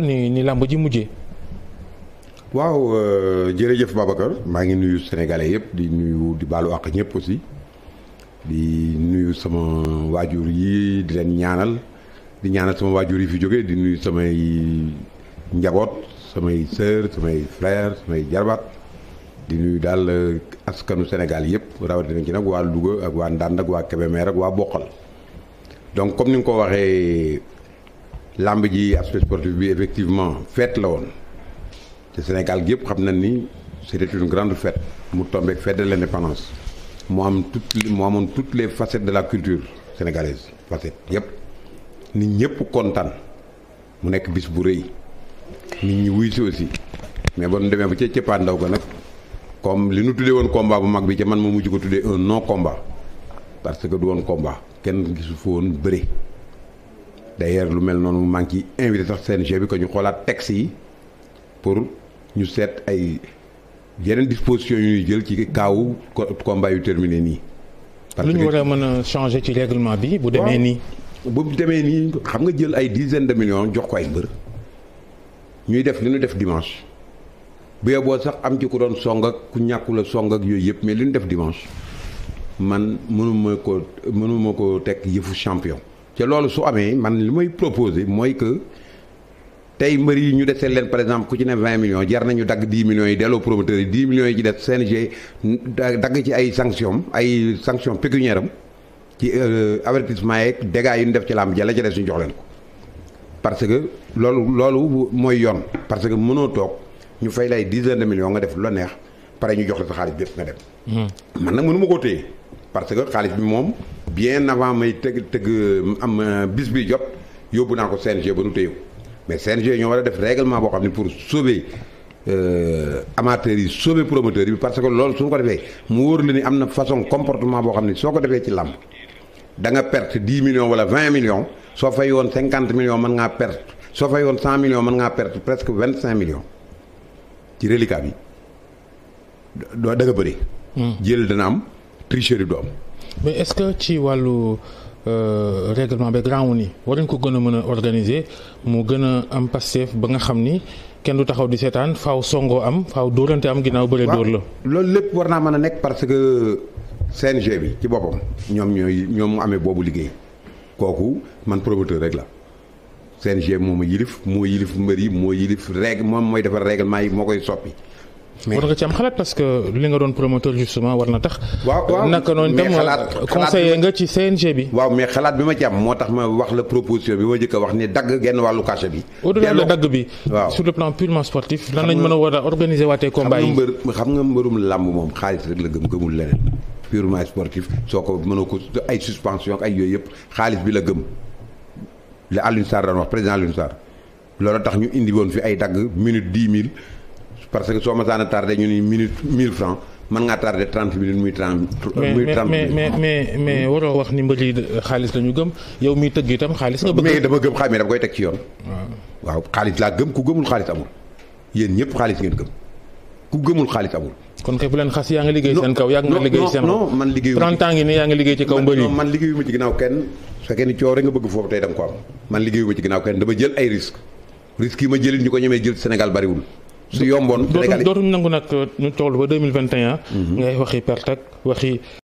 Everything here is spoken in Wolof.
ni ni làmb ji mujjee. waaw euh, jërëjëf Babacar maa ngi nuyu sénégalais yëpp di nuyu di baalu àq ñëpp aussi di nuyu sama waajur yi di leen ñaanal di ñaanal sama waajur yi fi jóge di nuyu samay njaboot samay sœur samay frère samay jarbaat di nuyu daal euh, askanu senegal yëpp rawatina ci nag waa Louga ak waa Ndande ak waa Kébémer ak waa Boqal donc comme ni nga ko waxee. làmb ji aspect sportif bi effectivement fête la woon te Sénégal gi yëpp xam na ni c'était une grande fête mu tombeek fête de l'indépendance mu am toutes mu amoon toutes les facettes de la culture sénégalaise facettes yëpp nit ñëpp kontaan mu nekk bis bu rëy nit ñi wuy si aussi mais ba nu demee ba ca cëppaa ndaw ga nag kom li nu tuddee woon combat bu mag bi ca man ma mujj ko tuddee un non komba parce que du woon combat kenn gisu fa woon bëre d'ailleurs lu mel noonu maa ngi ciy invité sax CNG bi que ñu xoolaat texte yi pour ñu seet ay yeneen disposition yu ñuy jël ci kaawu combat yu terminé nii. parce que lu ñu war mën a changé ci règlement bi. bu demee nii bu demee nii xam nga jël ay dizaine de million jox ko ay mbër. ñuy def li nu def dimanche bu boo sax am ci ku doon song ak ku ñàkkula song ak yooyu yëpp mais li ñu def dimanche man mënuma ko mënuma ko tekk yëfu champion. te loolu su amee man li may proposer mooy que tey mbër yi ñu desee leen par exemple ku ci ne 20 millions jar nañu dagg 10 millions yi delloo promoteurs yi 10 millions yi ci def CNG dagg ci ay sanctions ay sanctions pécuniaires am ci euh, avertissement yeeg dégâts yu nu def ci làmb ja la ca des ñu jox leen ko parce que loolu loolu mooy yoon parce que mënoo toog ñu fay lay dizaine de millions nga def la neex pare ñu jox la sa xaalis bépp nga dem. Hmm. man bien avant may tëgg tëgg am euh, bis bi jot yóbbu naa ko CNG ba nu téye mais mais CNG ñoo war a def règlement boo xam ne pour sauver euh, amateurs yi sauver promoteur yi parce que loolu suñu ko defee mu wóor la ni am na façon comportement boo xam ne soo ko defee ci làmb da nga perte dix millions wala vingt millions soo fay woon cinquante millions mën ngaa perte soo fay woon cent millions mën ngaa perte presque vingt cinq millions ci reliquat bi doo da nga bëri. Hmm. dana am tricherie du mais est-ce que ci wàllu euh, règlement bi grand ni waruñ ko gën a mën a organiser mu gën a am Pastef ba nga xam ni kenn du taxaw di seetaan faaw songoo am faw dóorante am ginnaaw bëre dóor la. loolu lépp war naa mën a nekk parce que seen CNG bi ci boppam ñoom ñooy ñoom mu amee boobu liggéey kooku man promoteur rek la. CNG moom a yilif moo yilif mbër yi moo yilif rek moom mooy defar règlement yi moo koy soppi war nga ci xalaat parce que li nga doon promoteur justement war na tax. waaw waaw euh, naka noonu tam euh, conseiller nga ci CNG bi. waaw mais xalaat bi ma ci moo tax ma wax la proposition bi ma jëkk a wax ni dagg genn wàllu cachet bi. au delà de dagg bi. waaw sur le plan purement sportif. lan mën a war a organiser waatee combat yi. xam nga mbërum làmb moom xaalis rek la gëm gëmul leneen purement sportif soo ko a ko ay suspension ay yooyu yëpp xaalis bi la gëm la Alioune Sarr daan wax président Alioune loolu tax ñu indi woon fi ay dagg minute dix mille. parce que soo ma saan a tardé ñu ni minute 1000 francs mën ngaa tardé 30 minutes muy 30. muy 30 mais mais mais mais waroo wax ni mbëri xaalis la ñu gëm yow miy tëgg itam xaalis nga bëgg. mais dama gëm xaalis mais dama koy teg ci yoon. waaw xaalis laa gëm ku gëmul xaalis amul yéen ñëpp xaalis ngeen gëm ku gëmul xaalis amul. kon kay bu leen xas yaa ngi liggéey seen kaw yaa ngi liggéey seen non man liggéeyu 30 ans ngi ne yaa ngi liggéey ci kaw mbëri man liggéeyu ma ci ginnaaw kenn su fekkee ni coow rek nga bëgg foofu tey dama ko am man liggéeyu ma ci ginnaaw kenn dama jël ay risque risque yi ma jëlit ñu ko ñemee jël Sénégal bariwul su yomboon. dootuñ nangu nag ñu toll ba deux mille vingt et un. Mhm. ngay waxi perte ak waxi.